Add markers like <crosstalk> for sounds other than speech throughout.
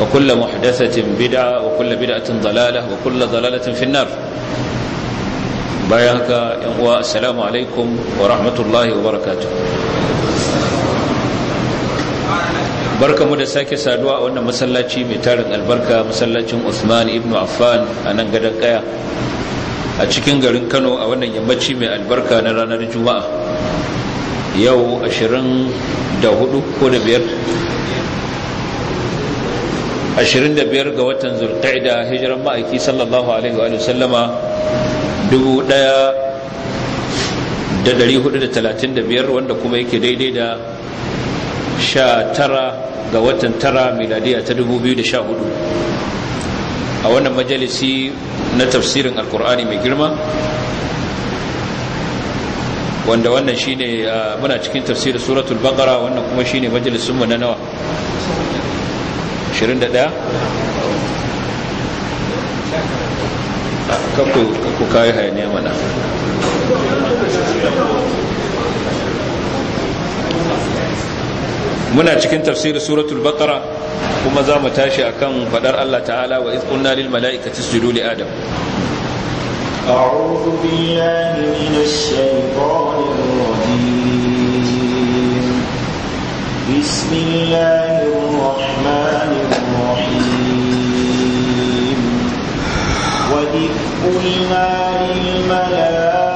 وكل محدثة بدعة وكل بدعة ضلالة وكل ضلالة في النار بايعك والسلام عليكم ورحمة الله وبركاته barka mu da sake saduwa a wannan masallaci mai tarin albarka masallacin Usman ibn Affan a nan gadon kaya a cikin garin Kano a wannan yammaci mai albarka na ranar Juma'a yau 24 ko da biyar 25 ga watan da hijiran ma'aiki sallallahu alaihi wa sallama 1435 wanda kuma yake daidai da 19 ga watan tara miladiya ta 2014 a wannan majalisi na tafsirin alkur'ani mai girma wanda wannan shine ah, muna cikin tafsirin suratul baqara wannan kuma shine majalisinmu na nawa 21 kakku kayi hayaniya mana muna cikin tafsirin suratul baqara kuma za mu tashi akan fadar Allah ta'ala wa iz qulna lil mala'ikati isjudu li adam a'udhu billahi minash shaitanir rajim بسم الله الرحمن الرحيم وإذ قلنا للملائكة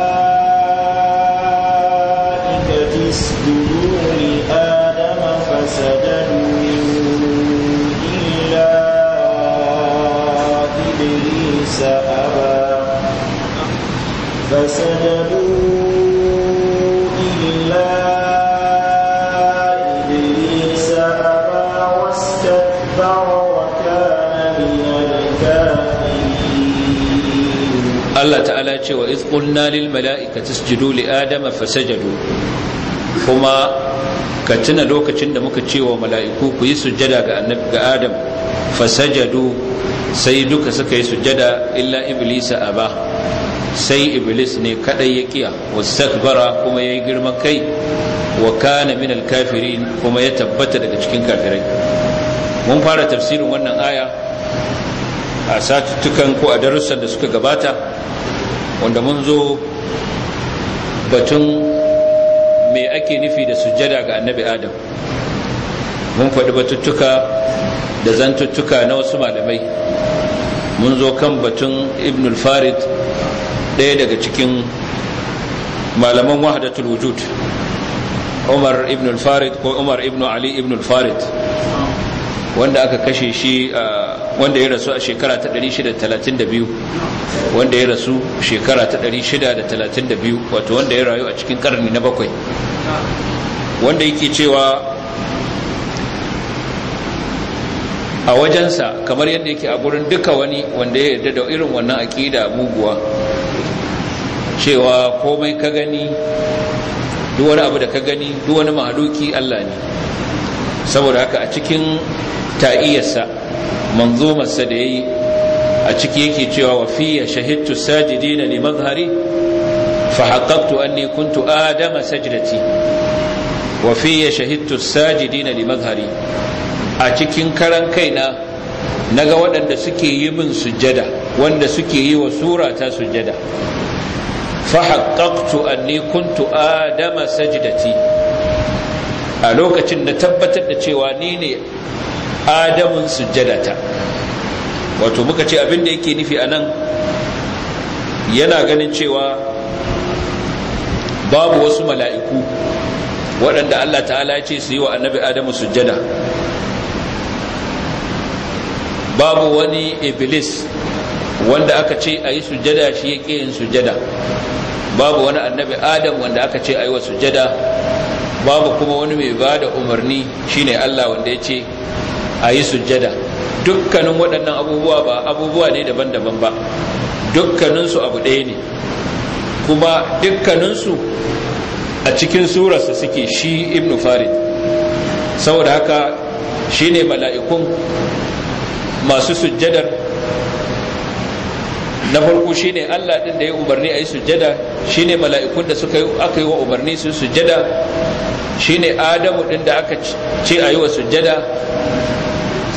ce wa izkun na lil mala'ikati isjudu adama fasajadu kuma ka tuna lokacin da muka ce wa mala'iku ku yi sujjada ga adam fasajadu sai duka suka yi sujjada illa iblisa aba sai iblis ne kadai ya kiya bara kuma ya yi girman kai wa kana minal kafirin kuma ya tabbata daga cikin kafirai mun fara tafsirin wannan aya a satuttukan ko a darussan da suka gabata wanda mun zo batun me ake nufi da sujjada ga annabi adam mun faɗi batuttuka da zantuttuka na wasu malamai mun zo kan batun ibn farid ɗaya daga cikin malaman wahadatul wujud umar ibn farid ko umar ibn ali ibn farid wanda aka kashe shi wanda ya rasu a shekara ta 632 wanda ya rasu shekara ta 632 wato wanda ya rayu a cikin karni na bakwai wanda yake cewa a wajensa kamar yadda yake a gurin duka wani wanda ya yarda da irin wannan aƙida muguwa cewa komai ka gani duk wani abu da ka gani duk wani mahaluki Allah ne saboda haka a cikin ta'iyarsa manzumarsa da ya yi a ciki yake cewa wa fiya shahidtu sajidina li mazhari fa haqqaqtu anni kuntu adama sajdati wa fiya shahidtu sajidina li mazhari a cikin karan kaina naga waɗanda suke yi min sujjada wanda suke yi wa sura ta sujjada fa haqqaqtu anni kuntu adama sajdati a lokacin na tabbatar da cewa ni ne adamun sujjadata wato muka ce abin da yake nufi a nan yana ganin cewa babu wasu mala'iku waɗanda Allah ta'ala ce su yi wa annabi adamu sujjada babu wani iblis wanda aka ce a yi sujjada shi ya yin sujjada babu wani annabi adam wanda aka ce a yi wa sujjada babu kuma wani mai ba da umarni shine Allah wanda ya ce a yi sujjada dukkanin waɗannan abubuwa ba abubuwa ne daban-daban ba dukkaninsu abu ɗaya ne kuma dukkaninsu a cikin surarsa suke shi ibn farid saboda haka shine mala'ikun masu sujjadar na farko shine Allah din da ya umarni a yi sujjada shine mala'ikun da suka aka yi wa umarni su sujjada shine Adamu din da aka ce a yi wa sujjada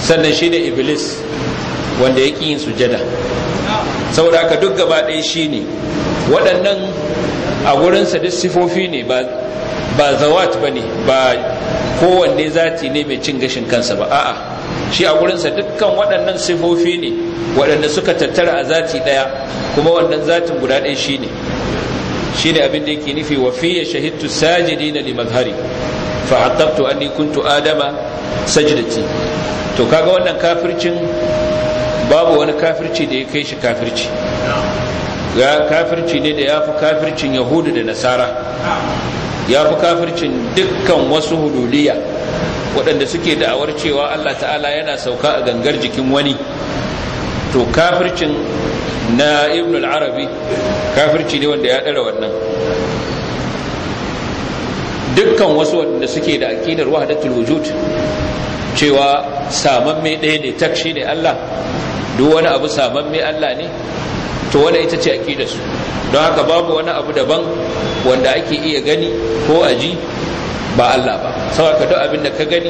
sannan shine Iblis wanda ya yin sujjada saboda haka duk gaba ɗaya shine waɗannan a gurinsa duk sifofi ne ba zawat ba ne ba kowanne zati ne mai cin gashin kansa ba a'a shi a gurinsa dukkan waɗannan sifofi ne waɗanda suka tattara a zati ɗaya kuma wannan zatin guda ɗaya shi ne shi abin da yake nufi wa fiye shahidtu sajidi na limazhari fa'atabtu anni kuntu adama Sajidati. to kaga wannan kafircin babu wani kafirci da ya kai shi kafirci ya kafirci ne da ya fi kafircin yahudu da nasara ya fi kafircin dukkan wasu hululiya waɗanda suke da'awar cewa Allah ta'ala yana sauka a gangar jikin wani to kafircin na ibn al-arabi kafirci ne wanda ya ɗara wannan dukkan wasu waɗanda suke da aƙidar wahdatul wujud cewa saman mai ɗaya ne takshi ne Allah duk wani abu saman mai Allah ne to wani ita ce aƙidarsu don haka babu wani abu daban wanda ake iya gani ko aji ba Allah ba ka duk abin da ka gani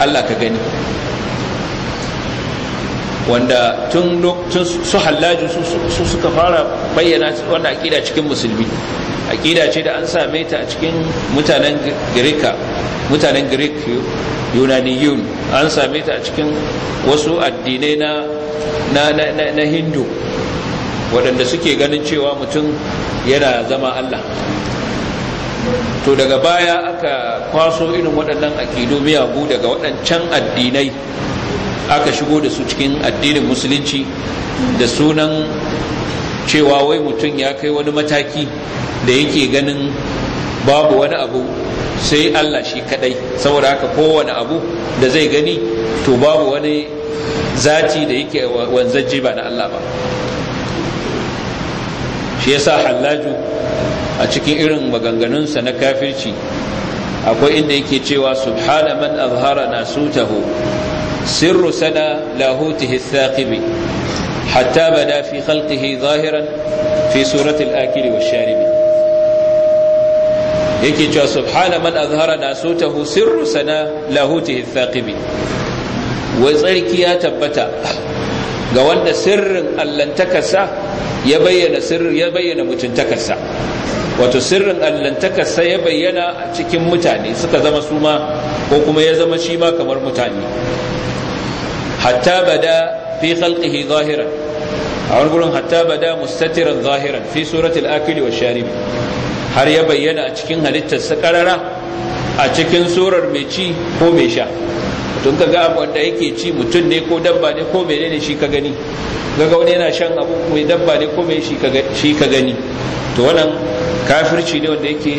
Allah ka gani wanda tun su hallaju su suka fara bayyana wannan akida cikin musulmi akida ce da an same ta a cikin mutanen girka mutanen greek yunaniyun an same ta a cikin wasu addinai na na na hindu waɗanda suke ganin cewa mutum yana zama allah to daga baya aka kwaso irin waɗannan akidu miyagu daga waɗancan addinai aka shigo da su cikin addinin musulunci da sunan cewa wai mutum ya kai wani mataki da yake ganin babu wani abu sai Allah shi kadai saboda haka kowane abu da zai gani to babu wani zati da yake wanzanci ba na Allah ba shi yasa hallaju a cikin irin maganganunsa na kafirci akwai inda yake cewa subhana man azhara sutahu sirru sana lahutihi thaqibi hatta bada fi khalqihi zahiran fi surati al-akili wash-sharibi yake cewa subhana man azhara sutahu sirru sana lahutihi thaqibi wai tsarki ya tabbata ga wanda sirrin allantakarsa ya bayyana sirrin ya bayyana mutuntakarsa wato sirrin allantaka sai ya bayyana a cikin mutane suka zama su ma ko kuma ya zama shi ma kamar mutane hatta bada fi khalqihi zahiran a wani gurin hatta bada mustatiran zahiran fi suratul akili wa sharib har ya bayyana a cikin halittar sa karara a cikin surar mai ci ko mai sha tun ka ga abu wanda yake ci mutum ne ko dabba ne ko menene shi ka gani ga wani yana shan abu mai dabba ne ko mai shi ka gani to wannan kafirci ne wanda yake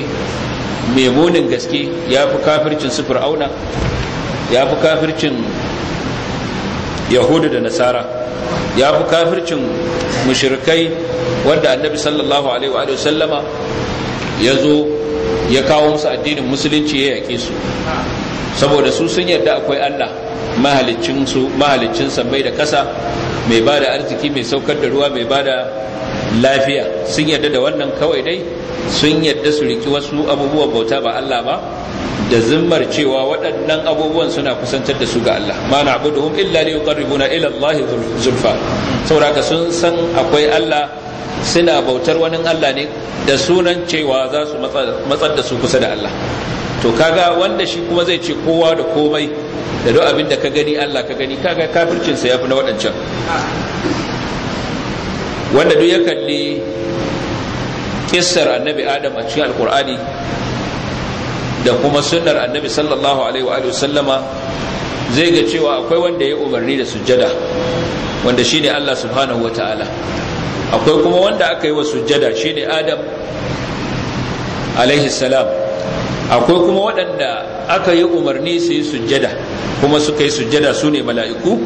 mai munin gaske ya fi kafircin su fir'auna ya fi kafircin yahudu da nasara ya fi kafircin mushrikai wanda annabi sallallahu alaihi wa sallama ya zo ya kawo musu addinin musulunci ya yake su saboda su sun yarda akwai Allah mahaliccin mai da ƙasa mai ba da arziki mai saukar da ruwa mai ba da. lafiya sun yarda da wannan kawai dai sun yarda su riki wasu abubuwan bauta ba Allah ba da zimmar cewa waɗannan abubuwan suna kusantar da su ga Allah ma na'buduhum illa yuqarribuna ila Allah zulfa sauraka sun san akwai Allah suna bautar wani Allah ne da sunan cewa za su matsar da su kusa da Allah to kaga wanda shi kuma zai ce kowa da komai da duk abin da ka gani Allah ka gani kaga kafircinsa ya fi na waɗancan wanda duk ya kalli kissar annabi adam a cikin alkur'ani da kuma sunnar annabi sallallahu alaihi wa sallama zai ga cewa akwai wanda ya umarni da sujjada wanda shine Allah subhanahu wa ta'ala. akwai kuma wanda aka yi wa sujjada shine Adam alaihi salam akwai kuma waɗanda aka yi umarni su yi sujjada kuma suka yi sujjada su ne mala'iku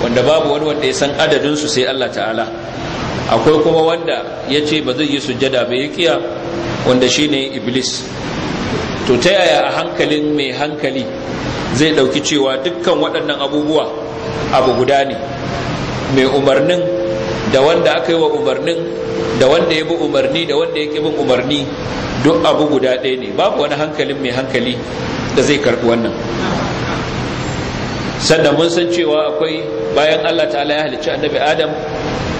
wanda babu wani wanda ya san adadinsu sai Allah ta'ala akwai kuma wanda ya ce ba zai yi sujada mai ya kiya wanda shine iblis to ta yaya a hankalin mai hankali zai ɗauki cewa dukkan waɗannan abubuwa abu guda ne mai umarnin da wanda aka yi wa umarnin da wanda ya bi umarni da wanda ya bin umarni duk abu guda ɗaya ne babu wani hankalin mai hankali da zai karɓi wannan sannan mun san cewa akwai bayan allah ta'ala ya halicci annabi adam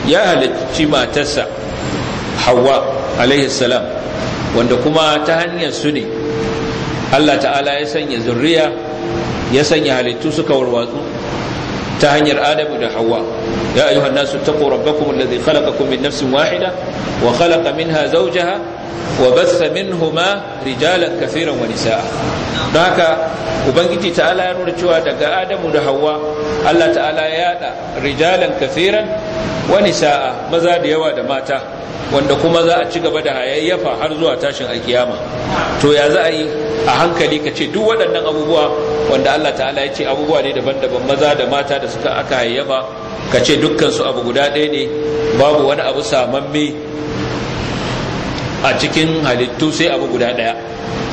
ya halarci matarsa hawa alaihi salam wanda kuma ta hanyar su ne Allah ta'ala ya sanya zurriya ya sanya halittu suka warwatsu ta hanyar adamu da hawa ya ayyuhan nasu taqu rabbakum alladhi khalaqakum min nafsin wahida wa khalaqa minha zawjaha وبث منهما رجالا كثيرا ونساء haka ubangiji ta'ala ya nuna cewa daga adamu da hawa Allah ta'ala ya yada rijalan kafiran wani sa'a maza da yawa da mata wanda kuma za a ci gaba da hayayyafa har zuwa tashin alkiyama to ya za a yi a hankali ka ce duk waɗannan abubuwa wanda Allah ta'ala ya ce abubuwa ne daban-daban maza da mata da suka aka hayayyafa ka ce dukkan su abu guda ɗaya ne babu wani abu samamme a cikin halittu sai abu guda ɗaya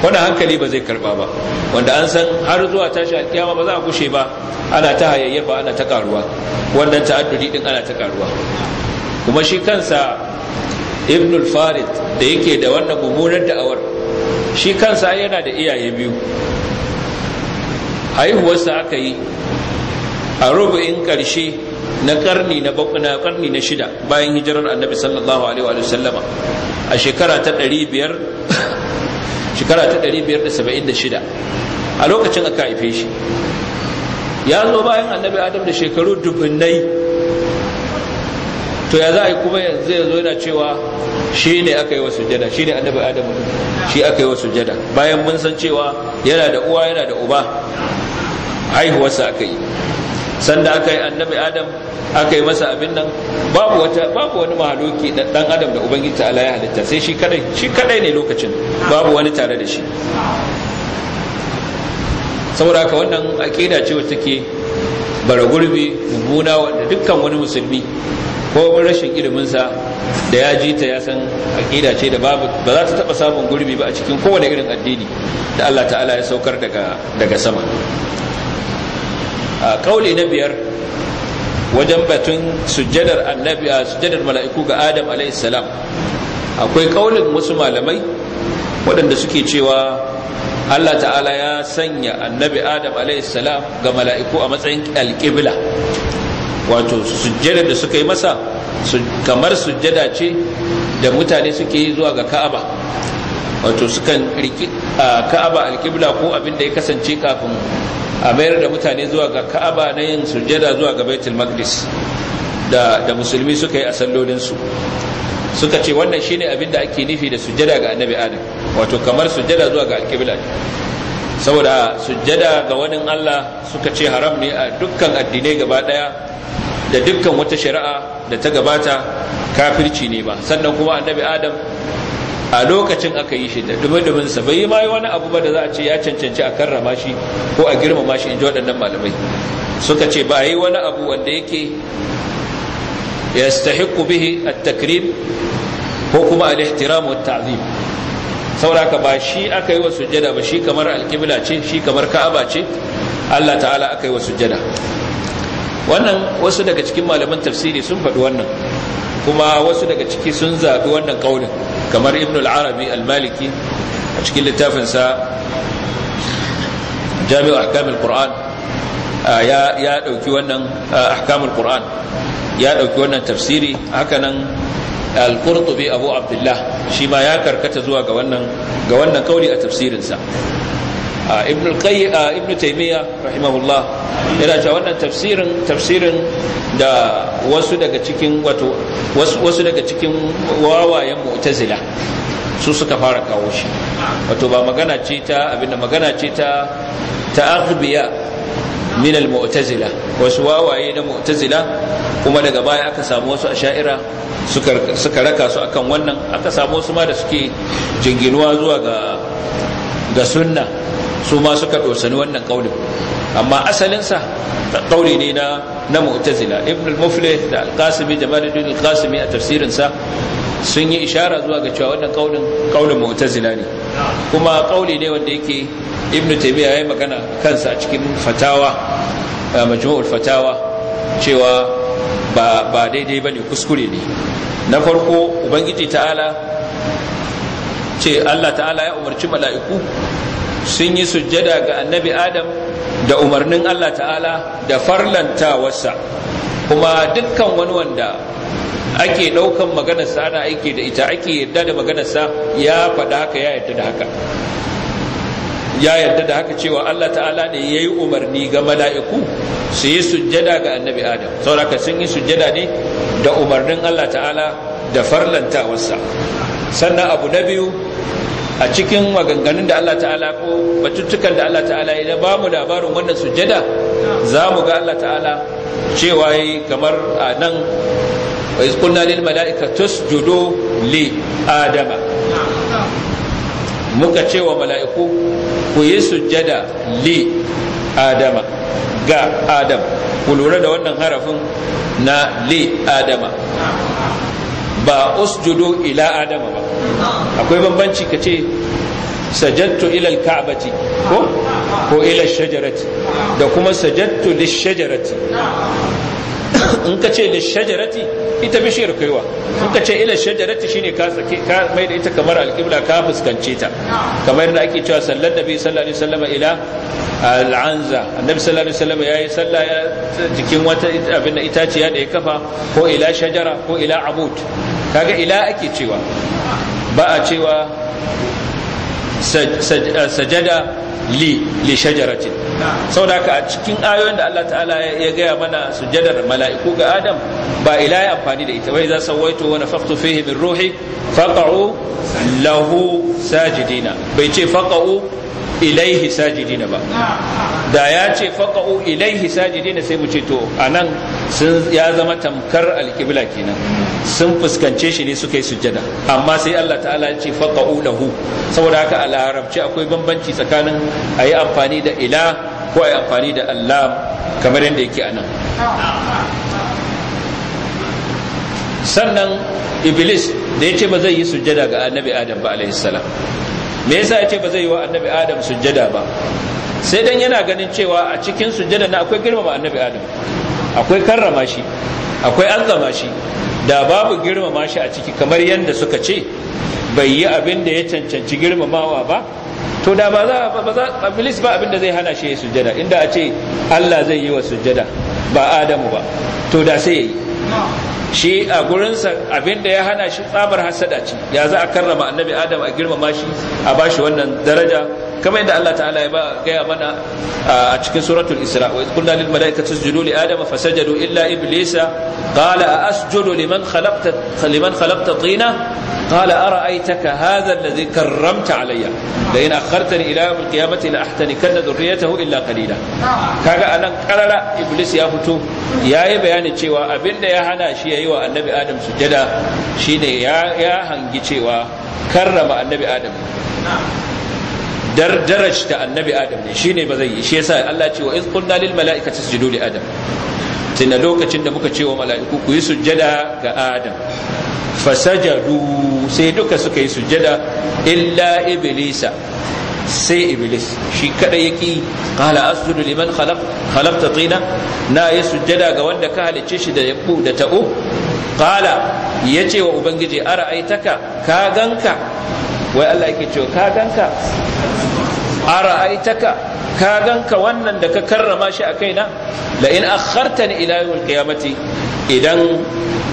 wanda hankali ba zai karba ba wanda an san har zuwa tashi kiyama ba za a gushe ba ana ta ba ana ta karuwa wannan ta'addudi din ana ta karuwa kuma shi kansa ibn al-farid da yake da wannan mummunar da'awar shi kansa yana da iyaye biyu haihuwarsa aka yi a rubu'in ƙarshe na karni na karni na shida bayan hijirar annabi sallallahu alaihi wa sallama a shekara ta biyar <laughs> shekara ta biyar da da saba'in shida a lokacin aka haife shi ya zo bayan annabi adam da shekaru dubunnai to ya za a yi kuma yanzu ya zo yana cewa shi ne aka yi wa sujada shi ne annabi adam shi aka yi wa sujada bayan mun san cewa yana da uwa yana da uba haihuwarsa aka yi sanda aka yi annabi adam aka yi masa abin nan babu wata babu wani mahaloki da dan adam da ubangiji ta ya halitta sai shi kadai shi kadai ne lokacin babu wani tare da shi saboda haka wannan aqida ce wacce take bara gurbi mummuna wanda dukkan wani musulmi ko wani rashin iliminsa da ya ji ta ya san aƙida ce da babu ba za ta taɓa samun gurbi ba a cikin kowane irin addini da Allah ta'ala ya saukar daga sama A kauli na biyar wajen batun sujjadar annabi a sujjadar mala'iku ga adam alaihissalam akwai kaulin wasu malamai waɗanda suke cewa Allah ta'ala ya sanya annabi adam alaihissalam ga mala'iku a matsayin alƙibla wato sujjadar da suka yi masa kamar sujjada ce da mutane suke yi zuwa ga ka'aba wato sukan riki ka'aba alƙibla ko abin da ya kasance kafin a mayar da mutane zuwa ga ka'aba na yin sujjada zuwa ga baitul maqdis da da musulmi suka yi a sallolinsu suka ce wannan shine abin da ake nufi da sujjada ga annabi adam wato kamar sujjada zuwa ga alqibla saboda sujjada ga wani Allah suka ce haram ne a dukkan addinai gaba daya da dukkan wata shari'a da ta gabata kafirci ne ba sannan kuma annabi adam a lokacin aka yi shi da dumin sa bai yi ma wani abu ba da za a ce ya cancanci a karrama shi ko a girmama shi in ji waɗannan malamai suka ce ba yi wani abu wanda yake ya stahiku bihi a takrim ko kuma al-ihtiram wa ta'zim saboda ba shi aka yi wa sujjada ba shi kamar alƙibla ce shi kamar ka'aba ce Allah ta'ala aka yi wa sujjada wannan wasu daga cikin malaman tafsiri sun faɗi wannan kuma wasu daga ciki sun zaɓi wannan ƙaunin kamar ibn al-arabi al-maliki a cikin littafinsa jami'u ahkamul qur'an ya ya dauki wannan ahkamul qur'an ya dauki wannan tafsiri hakanan al-qurtubi abu abdullah shi ma ya karkata zuwa ga wannan ga wannan kauli a tafsirinsa ibn ibn taymiya rahimahullah yana cewa wannan tafsirin tafsirin da wasu daga cikin wato wasu daga cikin wawayen mu'tazila su suka fara kawo shi wato ba magana ce ta abinda magana ce ta ta min al-mu'tazila wasu wawaye na mu'tazila kuma daga baya aka samu wasu asha'ira suka suka raka su akan wannan aka samu wasu ma da suke jinginuwa zuwa ga ga sunna su ma suka dosani wannan kaulin amma asalinsa kauli ne na na mu'tazila ibn al-muflih da al-qasimi jamaluddin al-qasimi a tafsirinsa sun yi ishara zuwa ga cewa wannan kaulin kaulin mu'tazila ne kuma kauli ne wanda yake ibn taymiya yayi magana kansa a cikin fatawa majmu'ul fatawa cewa ba ba daidai bane kuskure ne na farko ubangiji ta'ala ce Allah ta'ala ya umarci mala'iku sun yi sujjada ga annabi adam da umarnin Allah ta'ala da farlantawarsa kuma dukkan wani wanda ake ɗaukan maganarsa ana aiki da ita ake yadda da maganarsa ya faɗa haka ya yadda da haka ya yarda da haka cewa Allah ta'ala ne ya yi umarni ga mala'iku su yi sujjada ga annabi adam sauraka sun yi sujjada ne da umarnin Allah ta'ala da farlantawarsa sannan abu na biyu a cikin maganganun da Allah ta'ala ko batuttukan da Allah ta'ala ya ba mu labarin wannan sujada za mu ga Allah ta'ala cewa yi kamar a nan wa izkulna lil mala'ika tusjudu li adama muka ce wa mala'iku ku yi sujjada li adama ga adam ku lura da wannan harafin na li adama ba usjudu ila adama ba akwai bambanci ka ce sajattu ilal ka'bati ko ko shajarati da kuma sajattu lish shajarati in ka ce lishajarati ita bishiyar kaiwa in ka ce ila shajarati shine ka sake ka mai da ita kamar alƙibla ka fuskance ta kamar da ake cewa sallar nabi sallallahu alaihi wasallam ila al'anza annabi sallallahu alaihi wasallam yayi ya jikin wata abin da itaciya da ya kafa ko ila shajara ko ila abud kaga ila ake cewa ba a cewa sajada li li shajaratin saboda haka a cikin ayoyin da Allah ta'ala ya gaya mana sujadar mala'iku ga Adam ba ila ya amfani da ita wai za sawaito wa nafaktu fihi min ruhi faqa'u lahu sajidina bai ce faqa'u ilaihi sajidina ba da ya ce faqa'u ilaihi sajidina sai mu ce to anan sun ya zama tamkar alkibla kenan sun fuskance shi ne suka yi sujjada amma sai Allah ta'ala ya ce faqa'u lahu saboda haka a larabci akwai bambanci tsakanin ayi amfani da ila ko ai amfani da Allah kamar yadda yake anan sannan iblis da ya ce ba zai yi sujjada ga annabi adam ba alaihi salam me yasa ya ce ba zai yi wa annabi adam sujjada ba sai dan yana ganin cewa a cikin sujjada na akwai girmama annabi adam akwai karrama shi akwai azzama shi da babu girmama shi a ciki kamar yadda suka ce bai yi abin da ya cancanci girmamawa ba to da ba za ba za iblis ba abinda zai hana shi sujjada inda a ce Allah zai yi wa sujjada ba Adamu ba to da sai yayi shi a gurinsa abinda ya hana shi tsabar hasada ce ya za a karrama annabi Adam a girmama shi a bashi wannan daraja kamar yadda Allah Ta'a ya ba gaya mana a cikin suratul isra wa qulna lil malaikati isjudu li adama fasajadu illa iblisa qala asjudu liman khalaqta liman khalaqta tina qala ara'aytaka hadha alladhi karramta alayya la in akhartani ila yawm alqiyamati la ahtanikanna dhurriyyatahu illa qalila kaga anan karara iblis ya fito yayi bayanin cewa abin da ya hana shi ya yi wa annabi adam sujada shine ya ya hangi cewa karrama annabi adam dardarajta annabi adam ne shine ba zai yi shi yasa Allah ce wa iz qulna lil mala'ikati li adam tunda lokacin da muka ce wa mala'iku ku yi sujjada ga adam fasajadu sai duka suka yi sujjada illa iblisa sai iblis shi kada yaki qala asjudu liman khalaq khalaqta tina na yi sujjada ga wanda ka halicce shi da yabu da ta'u qala yace wa ubangiji ara'aitaka ka ganka wai Allah yake cewa ka ganka ara'aitaka ka ganka wannan da ka karrama shi a kaina la in akhartani ila yawmil qiyamati idan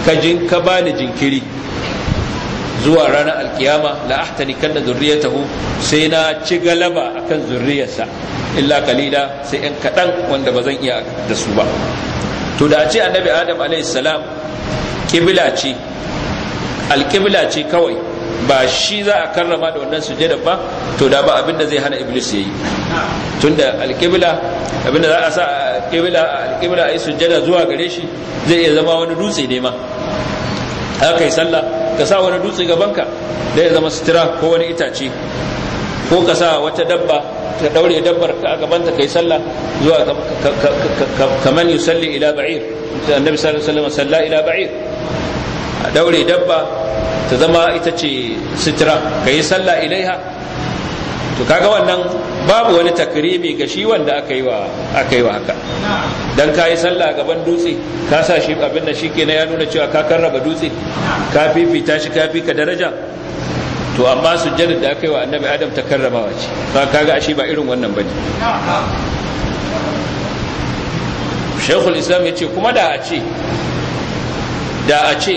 ka jin ka bani jinkiri zuwa ranar alkiyama la ahtani kanna zurriyatahu sai na ci galaba akan zurriyarsa illa kalila sai yan kaɗan wanda ba zan iya da su ba to da ce annabi adam alaihissalam kibla ce alkibla ce kawai ba shi za a karrama da wannan sujada ba to da ba abinda zai hana iblis yayi tunda alqibla abinda za a sa alqibla alqibla ai sujada zuwa gare shi zai iya zama wani dutse ne ma haka yi sallah ka sa wani dutse gabanka da ya zama sutura ko wani itace ko ka sa wata dabba ka daure dabbar ka gabanta kai sallah zuwa kaman yusalli ila ba'ir annabi sallallahu alaihi wasallam salla ila ba'ir a daure dabba ta zama ita ce sitira ka yi sallah ilaiha to kaga wannan babu wani takrimi ga shi wanda aka yi wa aka yi wa haka dan sallah gaban dutse ka sa shi abin da shike na ya nuna cewa ka karraba dutse ka fifita shi ka fi ka daraja to amma sujjadar da aka yi wa annabi adam ta karramawa ce ba kaga ashe ba irin wannan bane Sheikhul Islam ya ce kuma da a da a ce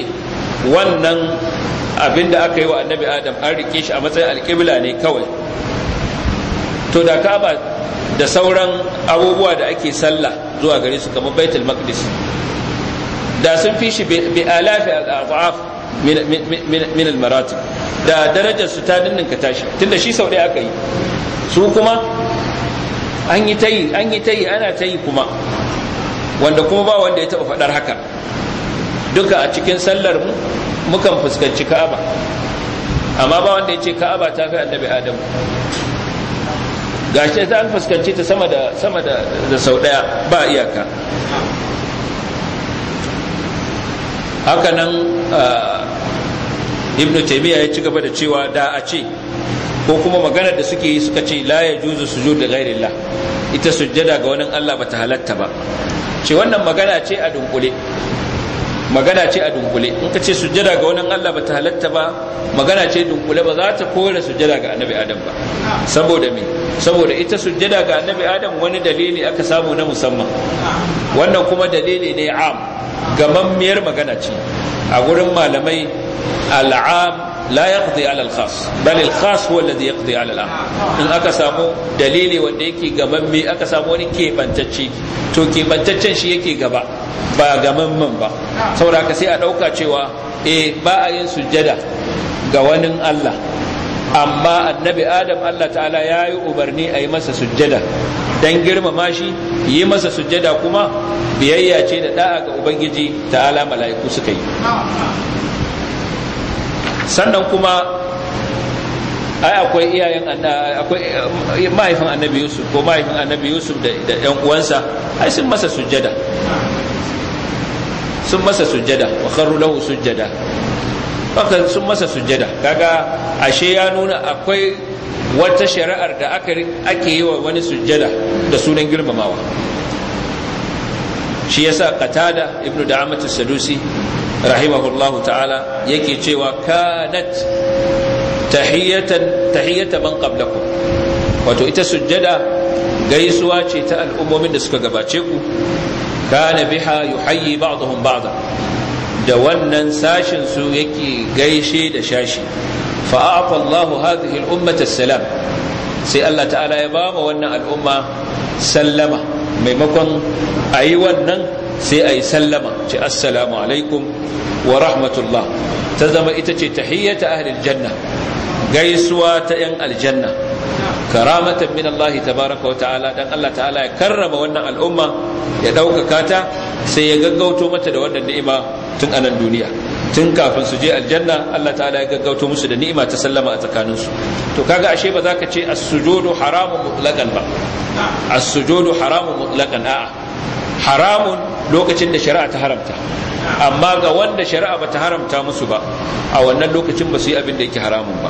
wannan abin da aka yi wa annabi adam an rike shi a matsayin alƙibla ne kawai to da kaba da sauran abubuwa da ake sallah zuwa gare su kamar baitul maqdis da sun fi shi bi alafi af min al-maratib da darajar su ta ka tashi tunda shi sau ɗaya aka yi su kuma an yi an yi tayi ana tayi kuma wanda kuma ba wanda ya taɓa faɗar haka duka a cikin sallar mu mukan fuskanci ka'aba amma ba wanda ya ce ka'aba ta fi annabi adam gashi ta an fuskanci ta sama da sama da sau daya ba iyaka hakanan ah, ibn taymiya ya ci gaba da cewa da a ce ko kuma maganar da suke yi suka ce la ya juzu sujud da ghairillah ita sujjada ga wani Allah ba ta halatta ba ce wannan magana ce a dunkule magana ce a dunkule in ka ce sujjada ga wani Allah ba ta halatta ba magana ce dunkule ba za ta kore sujjada ga annabi adam ba saboda me saboda ita sujjada ga annabi adam wani dalili aka samu na musamman wannan kuma dalili ne am gamammiyar magana ce a gurin malamai al'am la yaqdi ala al-khas bal al-khas huwa alladhi yaqdi ala al in aka samu dalili wanda yake gaban me aka samu wani kebantacce to kebantaccen shi yake gaba ba gaban man ba saboda ka sai a ɗauka cewa eh ba a yin sujjada ga wani Allah amma annabi adam Allah ta'ala ya yi umarni a yi masa sujjada don girmama shi yi masa sujjada kuma biyayya ce da ɗa'a ga ubangiji ta'ala mala'iku suka yi sannan kuma ai akwai iyayen akwai mahaifin annabi yusuf ko mahaifin annabi yusuf da yan uwansa ai sun masa sujjada sun masa sujjada wa kharru lahu sujjada haka sun masa sujjada kaga ashe ya nuna akwai wata shari'ar da aka ake yi wa wani sujjada da sunan girmamawa shi yasa qatada ibnu da'amatu sadusi rahimahullahu ta'ala yake cewa kanat tahiyatan tahiyata man qablakum wato ita sujjada gaisuwa ce ta al'ummomin da suka gabace ku kana biha yuhayyi ba'dhum ba'da da wannan sashin su yake gaishe da shashi fa afa Allahu hadhihi al-ummata salam sai Allah ta'ala ya ba wa wannan al'umma sallama maimakon ayi wannan sai a yi sallama ce assalamu alaikum wa rahmatullah ta zama ita ce tahiyyata ahlil janna gaisuwa ta yan aljanna karamatan min Allah tabaraka wa ta'ala dan Allah ta'ala ya karrama wannan al'umma ya ɗaukaka ta sai ya gaggauto mata da wannan ni'ima tun anan duniya tun kafin su je aljanna Allah ta'ala ya gaggauto musu da ni'ima ta sallama a tsakanin su to kaga ashe ba za ka ce as-sujudu haramun mutlaqan ba as-sujudu haramun mutlaqan a'a haramun lokacin da shari'a ta haramta amma ga wanda shari'a ba ta haramta musu ba a wannan lokacin ba su yi abin da yake haramun ba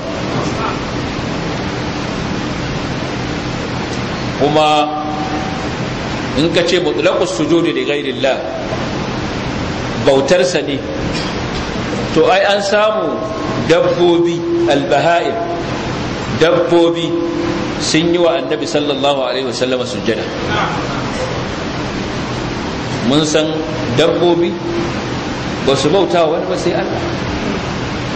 kuma in ka ce mutlaƙus sujudi da gairillah bautarsa ne to ai an samu dabbobi albaha'ir dabbobi sun yi wa annabi sallallahu alaihi wasallama sujjada mun san dabbobi ba su bauta wani ba sai Allah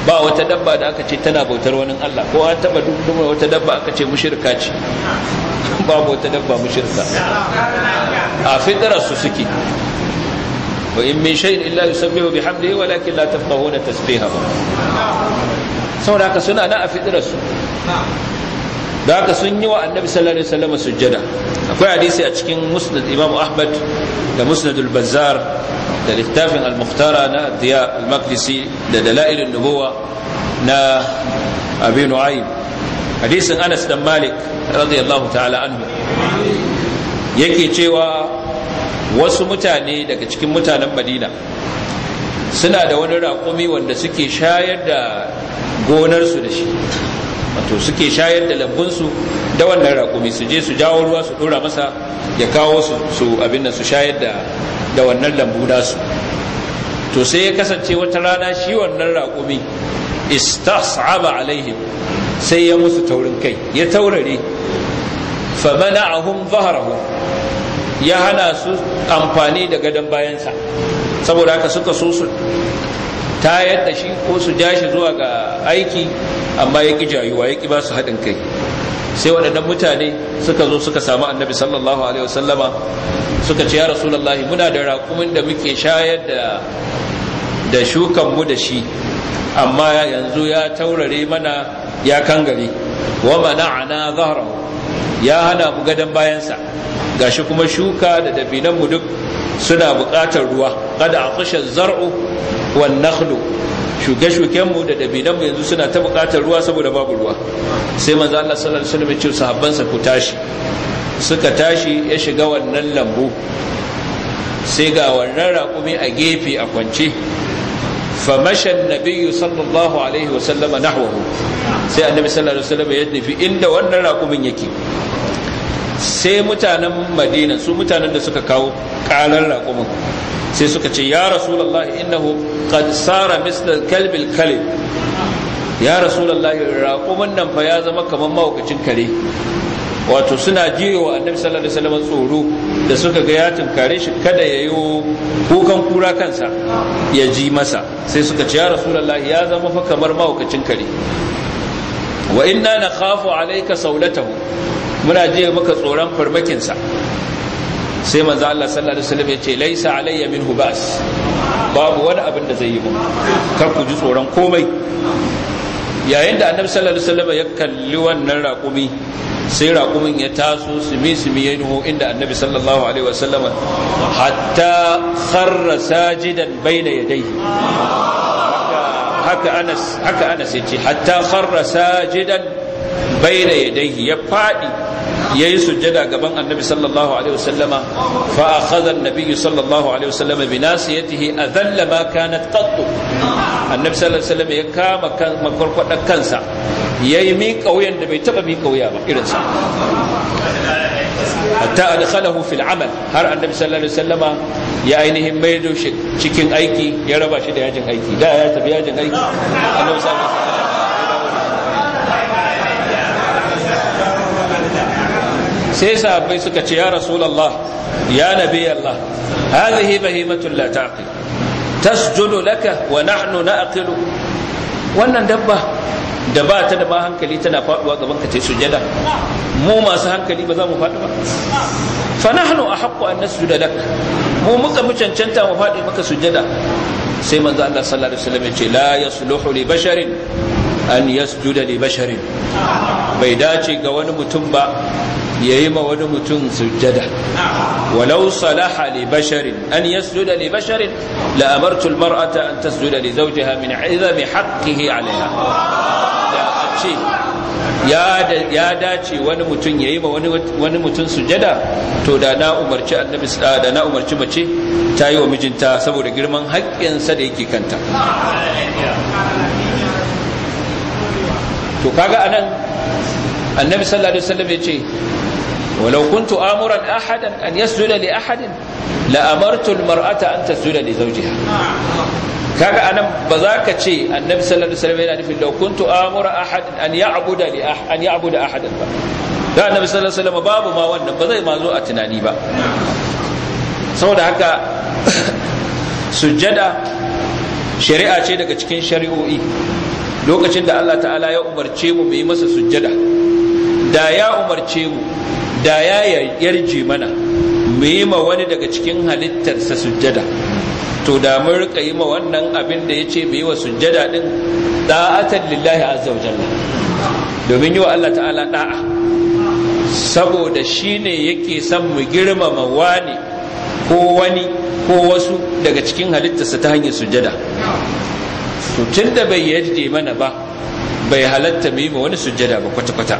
ba wata dabba da aka ce tana bautar wani Allah ko an taba dukkan wata dabba aka ce mushirka ce <laughs> ba wata dabba mushirka. a fitara su suke wa in min shay'in illa yusabbihu bihamdihi walakin la tafqahuna tasbihahu saboda haka suna na a fitara su da haka sun yi wa annabi sallallahu alaihi wasallam sujjada akwai hadisi a cikin musnad imam ahmad da musnad al-bazzar da littafin al-mukhtara na diya al-maqdisi da dalail an-nubuwa na abi nu'aym hadisin anas dan malik radiyallahu ta'ala anhu yake cewa wasu mutane daga cikin mutanen madina suna da wani raƙumi wanda suke shayar da gonarsu da shi wato suke shayar da lambunsu da wannan raƙumi su je su jawo ruwa su ɗora masa ya kawo su abin nan su shayar da wannan lambu nasu to sai ya kasance wata rana shi wannan raƙumi istas'aba alaihim sai ya musu taurin kai ya taurare fa mana'ahum zahrahum ya hana su amfani da gadon bayansa saboda haka suka so su Ta yadda shi ko su ja shi zuwa ga aiki amma ya ƙi jayuwa ya ƙi ba su haɗin kai sai waɗannan mutane suka zo suka samu annabi sallallahu alaihi wasallama suka ce ya rasulullahi muna da raƙumin da muke shayar da da shukan mu da shi amma yanzu ya taurare mana ya kangare wa mana'ana zahra. ya hana mu gadon bayansa gashi kuma shuka da dabinan mu duk suna buƙatar ruwa kada a kushe zar'u wa nakhlu shuke-shuken mu da dabinan mu yanzu suna ta buƙatar ruwa saboda babu ruwa sai manzo Allah sallallahu alaihi wasallam ya ce sahabbansa ku tashi suka tashi ya shiga wannan lambu sai ga wannan raƙumi a gefe a kwance فمشى النبي صلى الله عليه وسلم نحوه سي النبي صلى الله عليه وسلم يدني في إن وانا راقم يكي sai mutanen madina su mutanen da suka kawo kalar raƙumin sai suka ce ya rasulullahi innahu qad sara misla kalbil ya rasulullahi raƙumin nan ya zama kamar mahaukacin kare wato suna jiyewa annabi sallallahu alaihi wasallam tsoro da suka ga ya tunkare shi kada ya yi kukan kura kansa ya ji masa sai suka ce ya rasulullahi ya zama fa kamar mahaukacin kare wa inna na khafu alaika saulatahu muna jiya maka tsoron farmakinsa sai manzo Allah sallallahu alaihi wasallam ya ce laisa alayya minhu bas babu wani abin da zai yi mun kar ku ji tsoron komai yayin da annabi sallallahu alaihi wasallam ya kalli wannan raƙumi sai raƙumin ya taso sumi sumi ya nuhu inda annabi sallallahu alaihi wasallam hatta kharra sajidan baina ya yadayhi haka anas ya ce, hatta kharra sajidan baina ya yadayhi ya faɗi. yayi sujjada gaban annabi sallallahu alaihi wasallama fa a an-nabiy sallallahu alaihi wasallama bi nasiyatihi adalla ma kanat annabi sallallahu alaihi wasallama ya kama makarkwadar kansa yayi mi kauyen da bai taba mi kauya ba irin sa hatta adkhalahu fil amal har annabi sallallahu alaihi wasallama ya ainihin maido cikin aiki ya raba shi da yajin aiki da ya tafi yajin aiki annabi sallallahu alaihi sai sahabbai suka ce ya rasulallah, ya nabi allah hadhihi bahimatul la taqil tasjudu laka wa nahnu naqilu wannan dabba da ba ta da ma hankali tana faduwa gaban ka ce sujada mu masu hankali ba za mu faɗi ba fa nahnu ahqqu an nasjuda lak mu muka mu cancanta mu faɗi maka sujada sai manzo Allah sallallahu alaihi wasallam ya ce la yasluhu li basharin an yasjuda li basharin bai dace ga wani mutum ba yayi ma wani mutum sujjada walau salaha li basharin an yasjuda li basharin la amartu al mar'ata an tasjuda li zawjiha min 'izami haqqihi 'alayha ce ya dace wani mutum yayi ma wani mutum sujjada to da na umarci annabi da na umarci mace ta yi wa mijinta saboda girman haƙƙinsa da yake kanta to kaga anan annabi sallallahu alaihi wasallam ya ce ولو كنت آمرا أحدا أن يسجد لأحد لأمرت المرأة أن تسجد لزوجها kaga anan ba za ka ce annabi sallallahu alaihi wasallam yana nufin law kuntu amura ahad an ya'buda li an ya'buda ahadan ba da annabi sallallahu alaihi wasallam babu ma wannan ba zai ma zo a tunani ba saboda haka sujjada shari'a ce daga cikin shari'o'i lokacin da Allah ta'ala ya umarce mu mu yi masa sujjada da ya umarce mu da ya yarje mana mu yi ma wani daga cikin halittarsa sujjada to da mun rika yi ma wannan abin da ya ce mu yi wa sujjada din da'atan lillahi azza wa jalla domin yi Allah ta'ala da'a saboda shi ne yake son mu girmama wani ko wani ko wasu daga cikin halittarsa ta hanyar sujjada to tun da bai yarje mana ba bai halatta mu yi ma wani sujjada ba kwata-kwata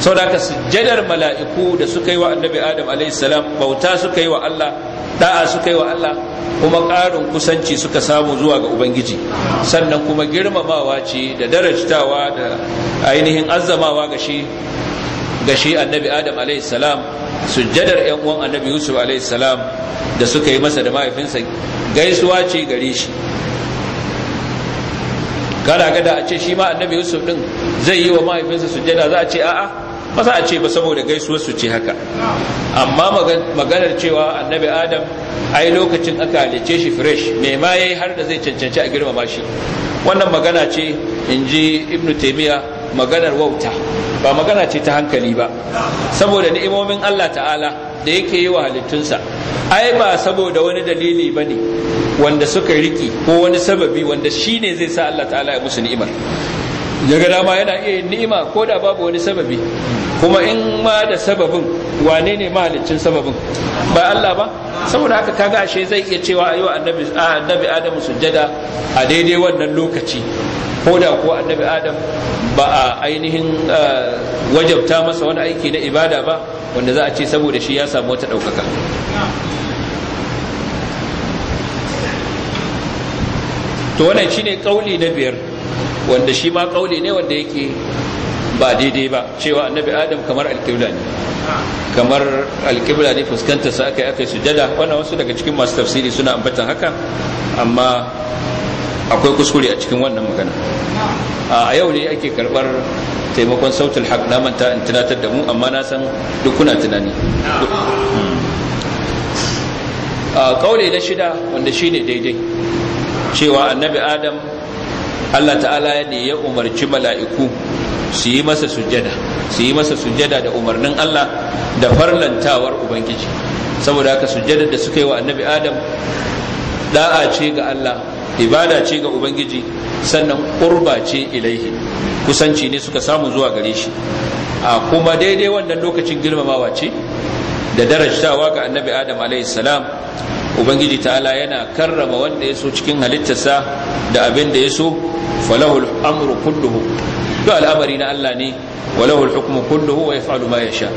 Sau da haka sujjadar mala'iku da suka yi wa annabi adam salam bauta suka yi wa Allah da'a suka yi wa Allah kuma ƙarin kusanci suka samu zuwa ga ubangiji sannan kuma girmamawa ce da darajtawa da ainihin azzamawa ga shi ga shi annabi adam salam sujjadar yan uwan annabi yusuf salam, da suka yi masa da mahaifinsa gaisuwa ce gare shi gada gada a ce shi ma annabi yusuf din zai yi wa mahaifinsa sujjada za a ce a'a ba za a ce ba saboda gaisuwar su ce haka amma maganar cewa annabi adam ai lokacin aka halice shi fresh mai ma ya yi har da zai cancanci a girmama shi wannan magana ce in ji ibnu Taimiyya maganar wauta ba magana ce ta hankali ba saboda ni'imomin Allah ta'ala da yake yi wa halittunsa ai ba saboda wani dalili ba ne wanda suka riki ko wani sababi wanda shi ne zai sa Allah ta'ala ya musu ni'imar daga dama yana iya ni'ima ko da babu wani sababi kuma in ma da sababin wane ne mahalicin sababin ba Allah ba saboda haka kaga ashe zai iya cewa ayo annabi annabi Adam sujjada a daidai wannan lokaci ko da ko annabi Adam ba a ainihin wajabta masa wani aiki na ibada ba wanda za a ce saboda shi ya samu wata ɗaukaka to wannan shine kauli na biyar wanda shi ma kauli ne wanda yake ba daidai ba cewa annabi adam kamar alkibla ne kamar alkibla ne fuskantar sa aka yi aka sujada wannan wasu daga cikin masu tafsiri suna ambatan haka amma akwai kuskure a cikin wannan magana a yau ne ake karbar taimakon sautin haq na manta in tunatar da mu amma na san duk kuna tunani a kaule na shida wanda shine daidai cewa annabi adam Allah ta'ala ne ya umarci mala'iku su yi masa sujada, su yi masa sujjada da umarnin Allah da farlantawar ubangiji saboda haka sujada da suka yi wa annabi adam da'a ce ga Allah ibada ce ga ubangiji sannan ƙurba ce ilaihi kusanci ne suka samu zuwa gare shi a kuma daidai wannan lokacin girmamawa ce da darajtawa ga annabi adam alaihi salam ubangiji ta'ala yana karrama wanda ya so cikin halittarsa da abin da ya so falahul amru kulluhu to al'amari na Allah ne walahul hukmu kulluhu wa yaf'alu ma yasha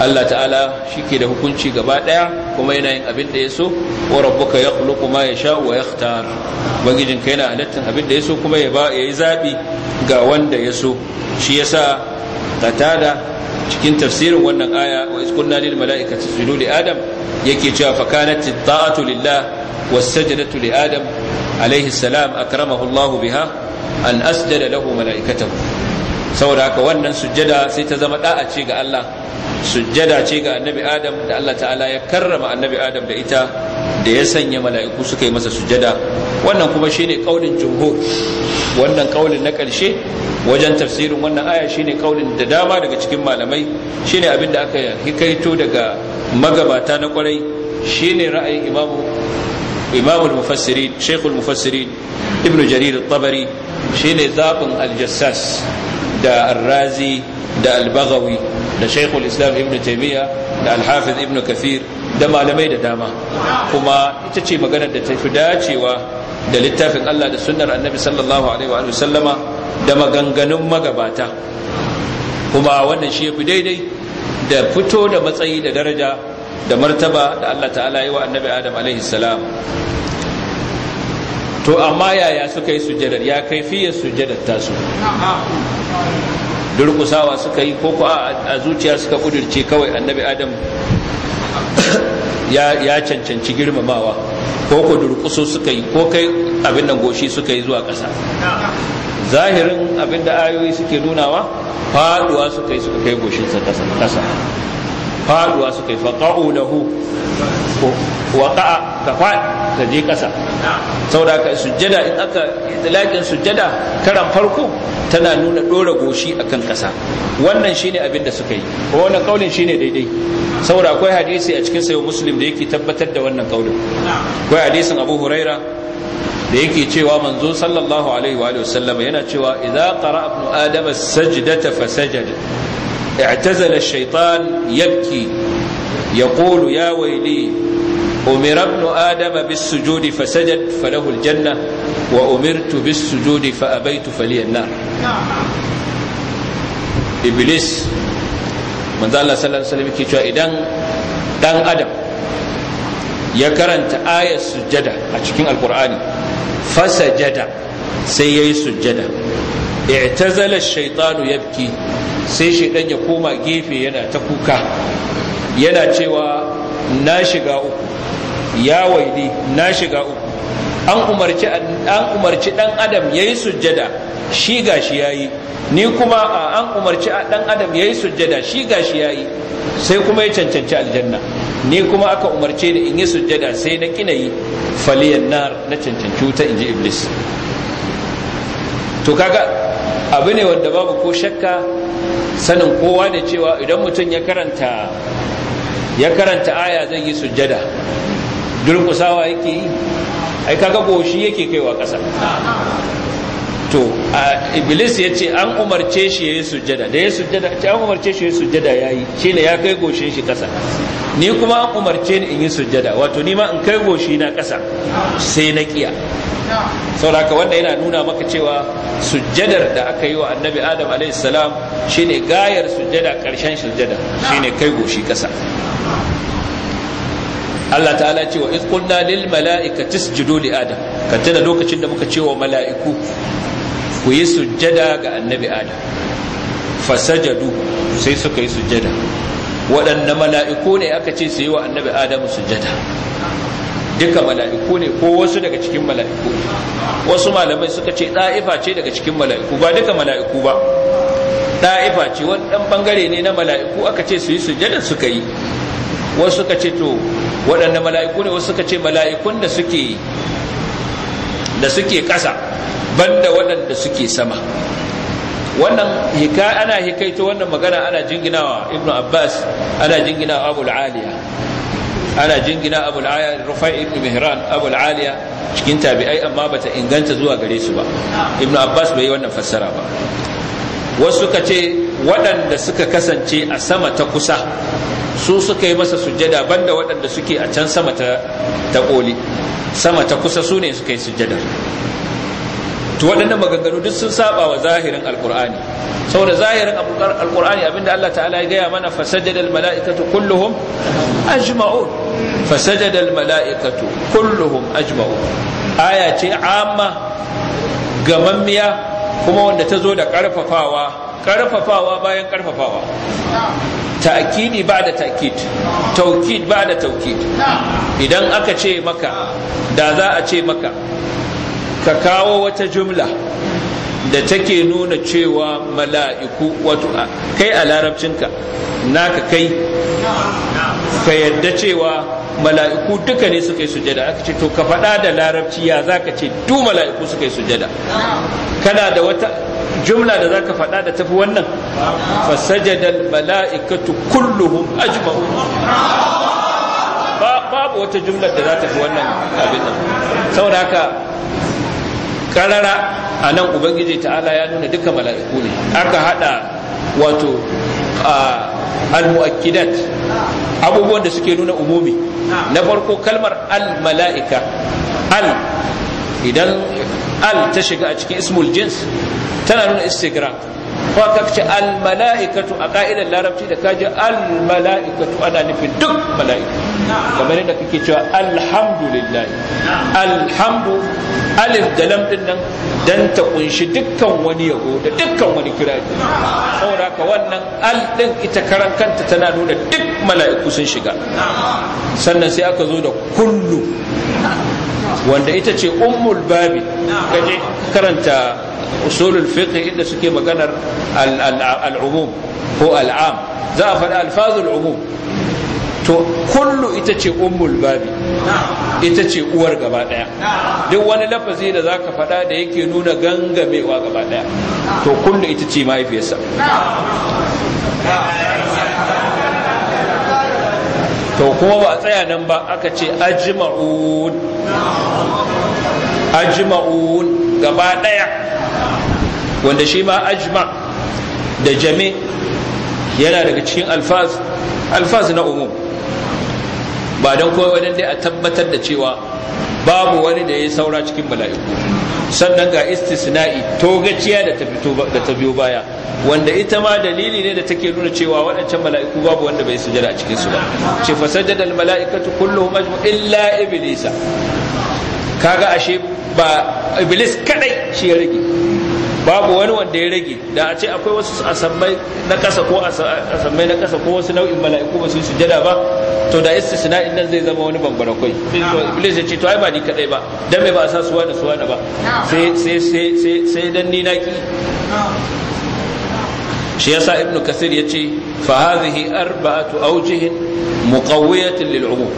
Allah ta'ala shike da hukunci gaba daya kuma yana yin abin da ya so wa rabbuka yakhluqu ma yasha wa yakhtar ka yana halittar abin da ya so kuma ya ba yayi zabi ga wanda ya so shi yasa qatada cikin tafsirin wannan aya wa iz kunna lil mala'ikati sujudu li adam yake cewa fa kanat ta'atu lillah was li adam alayhi salam akramahu Allah biha an asjada lahu mala'ikatahu saboda haka wannan sujjada sai ta zama da'a ce ga Allah sujjada ce ga annabi adam da Allah ta'ala ya karrama annabi adam da ita da ya sanya mala'iku suka yi masa sujada wannan kuma shine kaulin jumhur wannan kaulin na ƙarshe wajen tafsirin wannan aya shine kaulin da dama daga cikin malamai shine abin da aka hikaito daga magabata na kwarai shine ra'ayin imamu imamul mufassirin shaykhul mufassirin ibn jarir at-tabari shine zabin al-jassas da ar-razi da al-baghawi da shaykhul islam ibn taymiya da al-hafiz ibn kathir da malamai da dama kuma ita ce maganar da ta fi dacewa da littafin Allah da sunnar annabi sallallahu alaihi wa sallama da maganganun magabata kuma wannan shi ya fi daidai da fito da matsayi da daraja da martaba da Allah ta'ala yi wa annabi adam alaihi salam to amma yaya suka yi sujjadar ya kai kaifiyar sujjadar tasu durkusawa suka yi ko a zuciya suka kudurce kawai annabi adam ya cancanci girmamawa ko ku durƙuso suka yi ko kai abin nan goshi suka yi zuwa ƙasa zahirin abin da ayoyi suke nunawa faduwa suka yi suka kai sa ƙasa faduwa suka yi faqa'u lahu wa ƙa'a ka faɗi ta je ƙasa saboda ka sujjada in aka itlaƙin sujjada karan farko tana nuna ɗora goshi akan ƙasa wannan shine abin da suka yi ko wannan kaulin shine daidai saboda akwai hadisi a cikin sayo muslim da yake tabbatar da wannan kaulin akwai hadisin abu huraira da yake cewa manzo sallallahu alaihi wa sallama yana cewa idza qara ibnu adama sajdata fasajada اعتزل الشيطان يبكي يقول يا ويلي umira ibn adama bis sujudi fa sajad falahu al janna wa umirtu bis sujudi fa abaitu faliyan nar iblis manzo Allah sallallahu alaihi wasallam ke cewa idan ɗan adam ya karanta ayar sujjada a cikin alqur'ani fasajada sai yayi sujjada ta ash-shaytanu yabki sai shaydan ya koma gefe yana ta kuka yana cewa na shiga uku ya waidi na shiga uku an umarci an umarci dan adam yayi sujjada shi gashi yayi ni kuma an umarci dan adam yayi sujjada shi gashi yayi sai kuma ya cancanci aljanna ni kuma aka umarce da in yi sujjada sai na kina yi faliyan nar na cancanci wuta inji iblis to kaga abu ne wanda babu ko shakka sanin kowa da cewa idan mutum ya karanta ya karanta aya zai yi sujjada durkusawa yake yi ai kaga goshi yake kaiwa ƙasa to a iblis ya ce an umarce shi ya yi sujjada da ya sujjada ce an umarce shi ya yi sujjada ya yi shi ne ya kai goshin shi ƙasa ni kuma an umarce ni in yi sujjada wato ni ma in kai goshi na kasa sai na ƙiya sauraka wanda yana nuna maka cewa sujjadar da aka yi wa annabi adam shi shine gayar sujjada ƙarshen sujjada shine kai goshi ƙasa Allah ta'ala ce wa iz qulna lil mala'ikati isjudu li adam ka tana lokacin da muka ce wa mala'iku ku yi sujjada ga annabi adam fasajadu sai suka yi sujjada waɗanne mala'iku ne aka ce su yi wa annabi adam sujjada duka mala'iku ne ko wasu daga cikin mala'iku wasu malamai suka ce ɗa'ifa ce daga cikin mala'iku ba duka mala'iku ba ɗa'ifa ce wani ɗan ɓangare ne na mala'iku aka ce su yi sujjada suka yi wasu suka ce to waɗanne mala'iku ne wasu suka ce mala'ikun da suke da suke ƙasa banda waɗanda suke sama wannan hika ana hikaito wannan magana ana jinginawa ibnu abbas ana abul aliya ana jingina abul aliya rufai ibnu mihran abul aliya cikin tabi'ai amma bata inganta zuwa gare su ba ibnu abbas bai yi wannan fassara ba wasu suka ce waɗanda suka kasance a sama ta kusa su suka yi masa sujjada banda waɗanda suke a can sama ta ƙoli sama ta kusa su ne suka yi sujjada to waɗannan maganganu duk sun saba wa zahirin alkur'ani saboda zahirin alkur'ani abinda Allah ta'ala ya gaya mana fasajjada almala'ikatu kulluhum ajma'un fasajjada almala'ikatu kulluhum ajma'un aya ce amma gamammiya kuma wanda ta zo da ƙarfafawa karfafawa bayan karfafawa ta'kidi ba da ta'kid taukid ba da taukid idan aka ce maka da za a ce maka ka kawo wata jumla da take nuna cewa mala'iku wato kai a larabcinka naka kai ka yadda cewa mala'iku duka ne suka yi sujada aka ce to ka faɗa da larabci ya za ka ce du mala'iku suka yi sujada kana da wata jumla da zaka faɗa da tafi wannan fasajadal mala'ikatu kulluhum ba babu wata jumla da za ta fi wannan abin saboda haka karara a nan ubangiji ta'ala ya nuna duka mala'iku ne aka hada wato al-mu'akkidat abubuwan da suke nuna umumi na farko kalmar al-mala'ika al idan al ta shiga a cikin ismul jins tana nuna instagram ko ka ce al mala'ikatu a ka'idar larabci da kaji al mala'ikatu ana nufin duk mala'ika kamar yadda kake cewa alhamdulillah alhamdu alif da lam din nan dan ta kunshi dukkan wani yabo da dukkan wani kirari saboda ka wannan al din ita karan kanta tana nuna duk mala'iku sun shiga sannan sai aka zo da kullu wanda ita ce ummul babi kaje karanta usulul fiqh inda suke maganar al'umum ko al'am za a faɗi alfazul umum to kullu ita ce ummul babi ita ce uwar gaba daya duk wani lafazi da zaka faɗa da yake nuna gangamewa gaba daya to kullu ita ce mahaifiyarsa to kuma ba a tsaya nan ba aka ce ajma'un ajma'un gaba daya wanda shi ma ajma da jami yana daga cikin alfaz alfaz na umum ba don kawai wadanda a tabbatar da cewa babu wani da ya saura cikin mala'iku sannan ga istisna'i togaciya da ta fito da ta biyo baya wanda ita ma dalili ne da take nuna cewa waɗancan mala'iku babu wanda bai sujada a cikin su ba ce fa sajjada al mala'ikatu kulluhum ajmu illa iblisa kaga ashe ba iblis kadai shi ya rage babu wani wanda ya rage da a ce akwai wasu asammai na kasa ko asammai na kasa ko wasu nau'in mala'iku ba su sujada ba to da istisna'in nan zai zama wani bambara to iblis ya ce to ai ba ni kadai ba dan me ba a sa suwa da suwa na ba sai sai sai sai dan ni naki shi yasa ibnu kasir yace fa hadhihi arba'atu awjihin muqawiyatin lil umum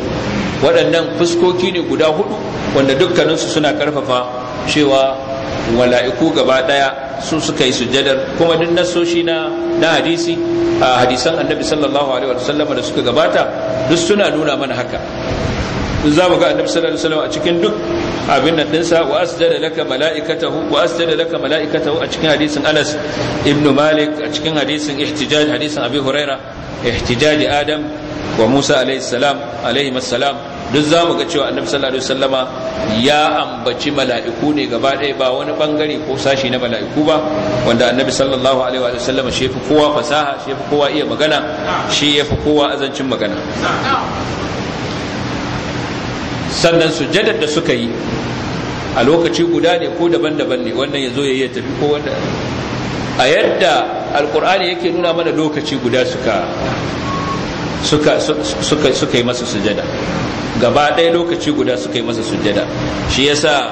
waɗannan fuskoki ne guda hudu wanda dukkaninsu suna karfafa cewa mala'iku gaba daya su suka yi sujjadar kuma duk nasoshi na na hadisi a hadisan annabi sallallahu alaihi wasallam da suka gabata duk suna nuna mana haka duk za mu ga annabi sallallahu alaihi wasallam a cikin duk abin nan dinsa wa asjada laka mala'ikatahu wa asjada laka mala'ikatahu a cikin hadisin Anas ibn Malik a cikin hadisin ihtijaj hadisin Abi Huraira ihtijaji Adam wa Musa alaihi salam alaihi salam duk za mu ga cewa annabi sallallahu alaihi wasallama ya ambaci mala'iku ne gaba ɗaya ba wani bangare ko sashi na mala'iku ba wanda annabi sallallahu alaihi wasallama shi fi kowa fasaha shi fi kowa iya magana shi ya fi kowa azancin magana sannan sujadar da suka yi a lokaci guda ne ko daban-daban ne wannan ya zo ya yi tafi ko wanda a yadda alkur'ani yake nuna mana lokaci guda suka suka suka suka yi masa sujada gaba ɗaya lokaci guda suka yi masa sujada shi yasa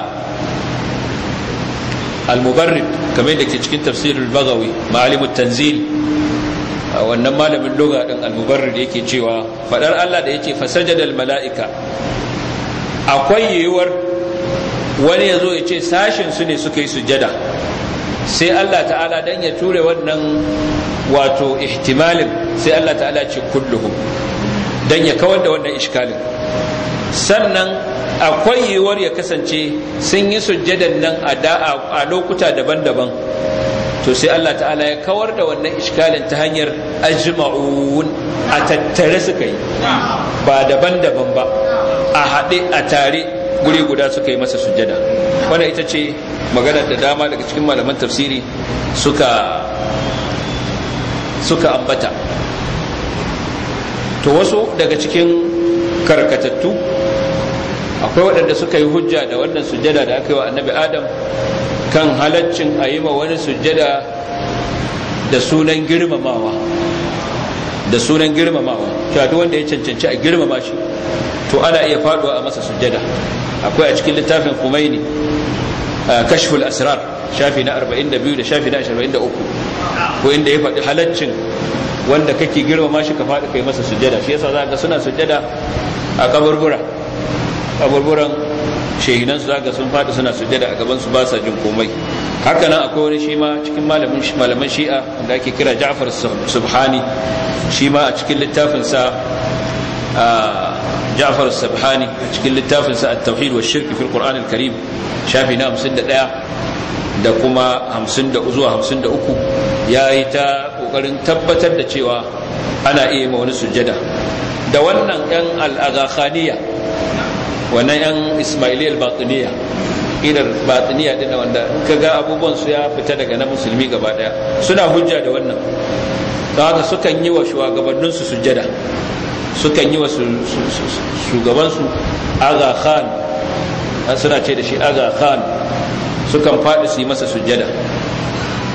al-mubarrid kamar da ke cikin tafsirul bagawi ma'alimut tanzil wannan malamin loga din al-mubarrid yake cewa faɗar Allah da yake fasajadal mala'ika akwai yiwuwar wani ya zo ya ce sashen su ne suka yi sujada sai Allah ta'ala dan ya ture wannan wato ihtimalin sai Allah ta'ala ce kulluhu dan ya kawar da wannan iskalin sannan akwai yiwuwar ya kasance sun yi sujjadan nan a lokuta daban-daban to sai Allah ta'ala ya kawar da wannan iskalin ta hanyar ajma'un a tattare suka yi ba daban-daban ba a haɗe a tare guri guda suka yi masa sujjada wannan ita ce magana da dama daga cikin malaman tafsiri suka suka ambata to wasu daga cikin karkatattu akwai waɗanda suka yi hujja da wannan sujjada da aka yi wa annabi adam kan halaccin a yi ma wani sujjada da sunan girmamawa da sunan girmamawa shaɗu wanda ya cancanci a girmama shi to ana iya faɗuwa a masa sujjada akwai a cikin littafin kumaini kashful asrar shafi na 42 da shafi na 43 ko inda ya faɗi halaccin wanda kake girmama shi ka faɗi kai masa sujjada shi yasa zaka suna sujjada a kaburbura kaburburan shehinan su zaka sun faɗi suna sujada a gaban su ba jin komai hakanan akwai wani shi cikin malamin malaman shi'a da ake kira Ja'far Subhani shima a cikin littafin sa ja'far as cikin littafin sa at-tauhid wa shirk fi al-qur'an al-karim shafi na 51 da kuma 50 zuwa 53 yayi ta kokarin tabbatar da cewa ana iya ma wani sujjada. da wannan yan al-aghakhaniya wannan yan ismailiyya al-batiniya irin batiniya din wanda kaga abubuwan su ya fita daga na musulmi gaba daya suna hujja da wannan don haka sukan yi wa shugabannin su sujjada. sukan yi wa shugabansu aga khan an suna ce da shi aga khan sukan faɗi su yi masa sujada,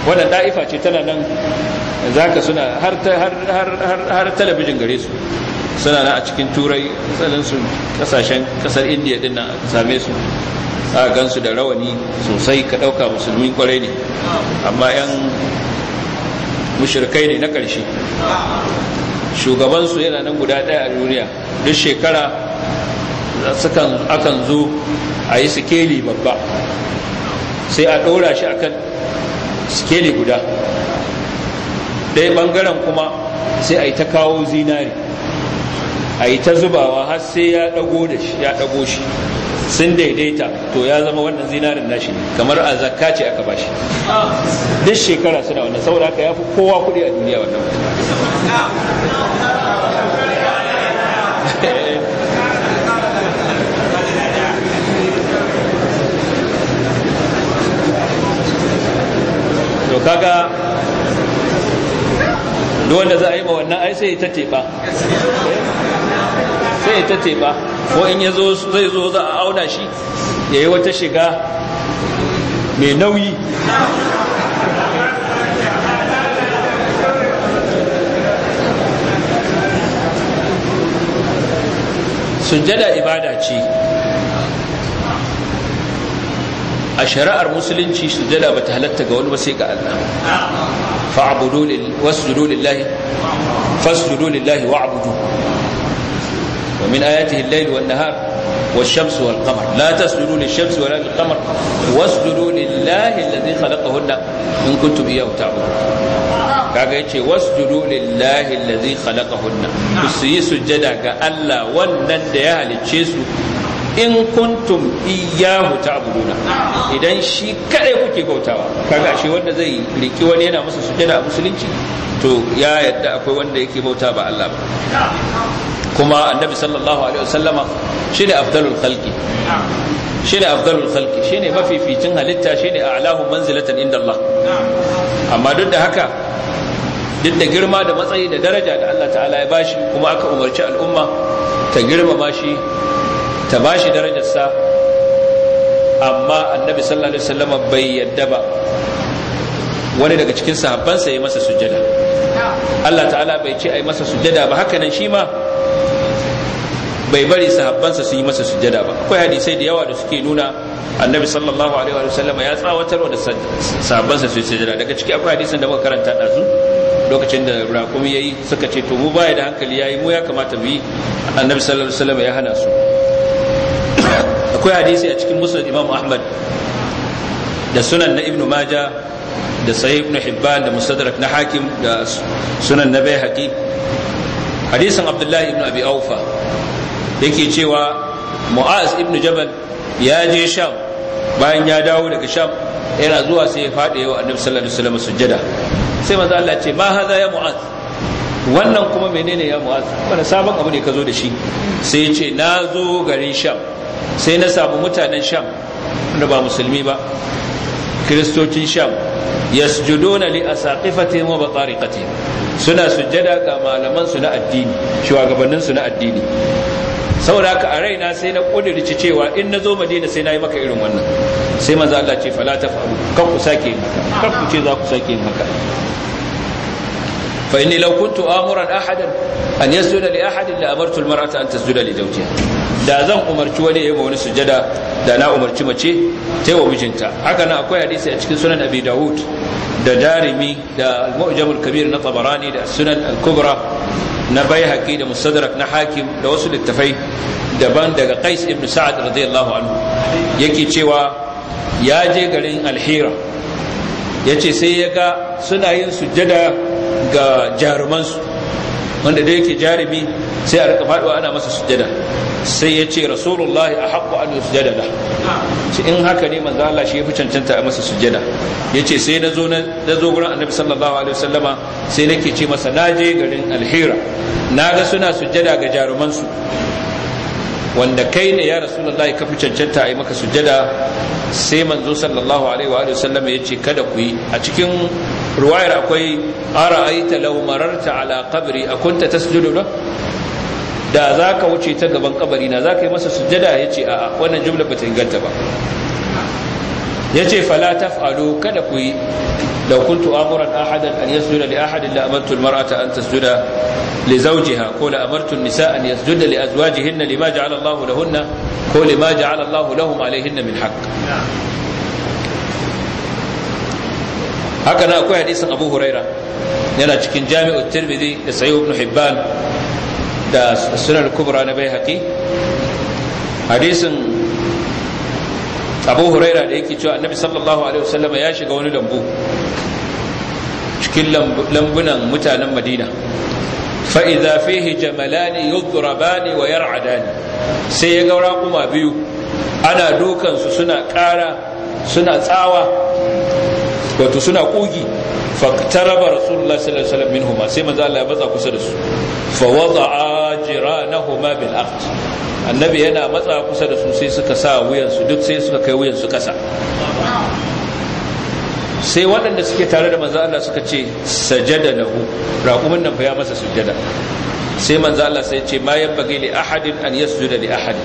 wannan ɗa'ifa ce tana nan za suna har talabijin gare su suna na a cikin turai su kasashen kasar indiya din na same su a gansu da rawani sosai ka ɗauka musulmi kwarai ne amma 'yan mushirkai ne na ƙarshe shugabansu yana nan guda ɗaya a duniya duk shekara akan zo a yi sikeli babba sai a ɗora shi akan sikeli guda ɗaya ɓangaren kuma sai a yi ta kawo zinari a yi ta zubawa har sai ya ɗago da shi ya ɗago shi sun daidaita to ya zama wannan zinarin nashi kamar a zakka ce aka bashi duk shekara suna wannan saboda haka ya fi kowa kuɗi a duniya wannan to kaga wanda za a yi ma wannan ai sai ta teba sai ta teba ko in yazo zai zo za a auna shi ya yi wata shiga mai nauyi sujjada ibada ce a shari'ar musulunci sujjada ba ta halatta ga wani ba sai ga Allah fa'budu wasjudu lillahi fasjudu lillahi wa'budu wa min ayatihi al-layl wan-nahar والشمس والقمر لا تسجدوا للشمس ولا للقمر واسجدوا لله الذي خلقهن إن كنتم إياه تعبدون kaga yace wasjudu lillahi allazi khalaqahunna ku yi sujjada ga Allah wannan da ya halicce su in kuntum iyyahu ta'buduna idan shi kare kuke bautawa kaga shi wanda zai riki wani yana masa sujjada a musulunci to ya yadda akwai wanda yake bauta ba Allah ba kuma annabi sallallahu alaihi wasallama shine afdalul khalqi shine afdalul khalqi shine mafificin halitta shine a'lahu manzilatan inda Allah amma duk da haka duk da girma da matsayi da daraja da Allah ta'ala ya bashi kuma aka umarci al'umma ta girmama shi ta bashi darajarsa amma annabi sallallahu alaihi wasallama bai yadda ba wani daga cikin sahabbansa ya masa sujjada Allah ta'ala bai ce ai masa sujjada ba haka nan shi ma bai bari sahabbansa su yi masa sujada ba akwai hadisai da yawa da suke nuna annabi sallallahu alaihi wa sallam ya tsawatarwa da sahabbansa su yi sujada daga ciki akwai hadisin da muka karanta su lokacin da rakumi ya yi suka ce to mu baya da hankali ya yi mu ya kamata mu yi annabi sallallahu alaihi wa sallam ya hana su <coughs> akwai hadisi a cikin musnad imam ahmad da sunan na ibnu maja da sahih ibnu hibban da mustadrak na hakim da sunan na bai hadisin abdullahi ibnu abi aufa yake cewa mu'az ibn jabal ya je sham bayan ya dawo daga sham yana zuwa sai ya faɗi yau annabi sallallahu alaihi wasallam sujjada sai manzo Allah ce ma hadha ya mu'az wannan kuma menene ya mu'az wani sabon abu ne ka zo da shi sai ya ce na zo garin sham sai na samu mutanen sham wanda ba musulmi ba kiristocin sham yasjuduna li asaqifati wa batariqatihim suna sujjada ga malaman su na addini shugabannin su na addini saboda haka a raina sai na kudirci cewa in na zo madina sai na yi maka irin wannan sai manzo Allah ce fala ta faru kan ku sake yin kan ku ce za ku sake yin haka fa inni law kuntu amuran ahadan an yasjuda li ahadin la amartu almar'ata an tasjuda li zawjiha da zan umarci wani yayi wani sujada da na umarci mace ta wa mijinta haka nan akwai hadisi a cikin sunan abi dawud da darimi da al-mu'jamul kabir na tabarani da sunan al-kubra na bai haƙi da mustadrak na hakim da wasu littafai daban daga qais ibn sa'ad radiyallahu anhu yake cewa ya je garin alhira yace sai ya ga suna yin sujjada ga jarumansu wanda da yake jarumi sai a rika faduwa ana masa sujada sai ya ce rasulullahi a haƙƙo an sujada da shi in haka ne manzo Allah shi ya fi cancanta a masa sujada ya ce sai na zo annabi sallallahu alaihi wasallama sai nake ce masa na je garin alhira na ga suna sujada ga jarumansu wanda kai ne ya rasulullahi ka fi cancanta a yi maka sujada sai manzo sallallahu alaihi wa sallam ya ce kada ku yi a cikin ruwayar akwai ara'aita law mararta ala qabri kunta tasjudu la da zaka wuce ta gaban kabari na zaka yi masa sujada ya ce a'a wannan jumla bata ganta ba ya ce fala taf'alu kada ku yi law kuntu amuran ahadan an yasjuda li ahadin la amartu almar'ata an tasjuda li zawjiha ko la amartu an-nisa an yasjuda li azwajihinna lima ja'ala Allahu lahunna ko lima ja'ala Allahu lahum alayhinna min haqq haka na akwai hadisin Abu Huraira yana cikin Jami'ut Tirmidhi da Sahih Ibn Hibban da Sunan Kubra na Baihaqi hadisin abu huraira da yake cewa annabi sallallahu alaihi wasallam ya shiga wani lambu cikin lambunan mutanen madina fa'iza fihi jamalani yudhrabani wa yar'adani sai ya ga kuma biyu ana dukansu suna ƙara suna tsawa wato suna ƙugi faktaraba rasulullah sallallahu alaihi wasallam minhuma sai manzo Allah ya kusa da su fa wada'a jiranahuma bil aqd annabi yana matsa kusa da su sai suka sa wuyansu duk sai suka kai wuyansu kasa sai waɗanda suke tare da manzo Allah suka ce sajada lahu raƙumin nan fa ya masa sujada. sai manzo Allah sai ce ma yabbagi li ahadin an yasjuda li ahadin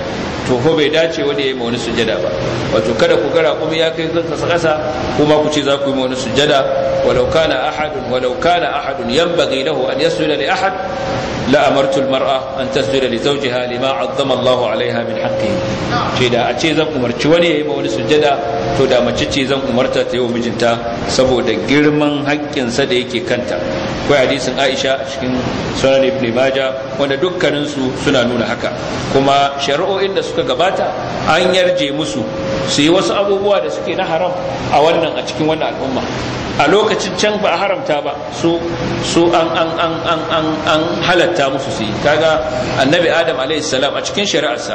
to ko bai dace wanda yayi wani sujada ba wato kada ku gara kuma ya kai kanka kasa kuma ku ce za ku yi wani sujada walau kana ahadun walau kana ahadun yabbagi lahu an yasjuda li ahad la amartu al mar'a an tasjuda li zawjiha lima 'azzama Allah 'alayha min haqqihi ce da a ce zan umarci wani yayi wani sujada to da mace ce zan umarta ta yi wa mijinta saboda girman haƙƙinsa da yake kanta akwai hadisin aisha a cikin sunan ibn maja wanda dukkaninsu suna nuna haka kuma shari'o'in da suka gabata an yarje musu su yi wasu abubuwa da suke na haram a wannan a cikin wannan al'umma a lokacin can ba a haramta ba su su an an an an an halatta musu su yi kaga annabi adam alayhi salam a cikin shari'arsa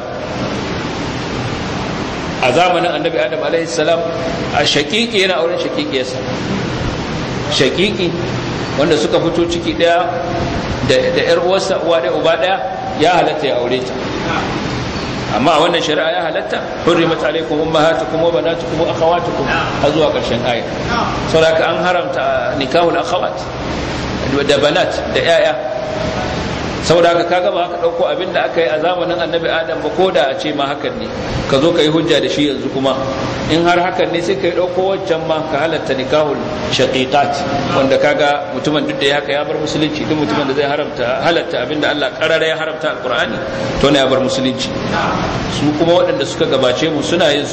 a zamanin annabi adam alayhi salam a shakiki yana auren shaƙiƙiyarsa shakiki wanda suka fito ciki ɗaya da ‘yar uwarsa uwa ɗaya uba ɗaya ya halatta ya aure ta amma wannan shari'a ya halatta hurrimat alaikum ummahatukum wa banatukum wa akhawatukum a zuwa ƙarshen ayat saboda an haramta nikahul akhawat da banat da yaya saboda ka kaga ba haka dauko abin da aka yi a zamanin annabi adam ba ko da a ce ma hakan ne ka zo ka yi hujja da shi yanzu kuma in har hakan ne sai ka yi dauko wancan ma ka halatta nikahul shaqiqat wanda kaga mutumin duk da ya haka ya bar musulunci duk mutumin da zai haramta halatta abin da Allah karara ya haramta alqur'ani to ne ya bar musulunci su kuma waɗanda suka gabace mu suna yin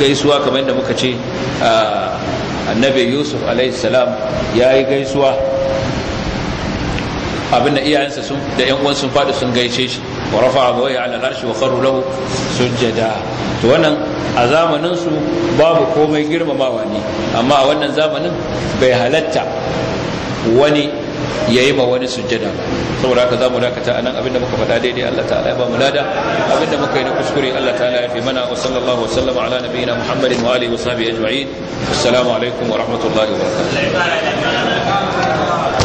gaisuwa kamar yadda muka ce annabi yusuf alaihi salam ya yi gaisuwa abin da iyayensa sun da yan uwan sun fadi sun gaishe shi wa rafa'a bawai ala al'arshi wa kharru lahu sujjada to wannan a zamanin su babu komai girmamawa ne amma a wannan zamanin bai halatta wani yayi ma wani sujjada saboda haka zamu dakata anan abinda muka faɗa daidai Allah ta'ala ya ba mu lada abinda muka yi na kuskure Allah ta'ala ya fi mana wa sallallahu wa sallama ala nabiyyina Muhammadin wa alihi wa sahbihi ajma'in assalamu alaikum wa rahmatullahi wa barakatuh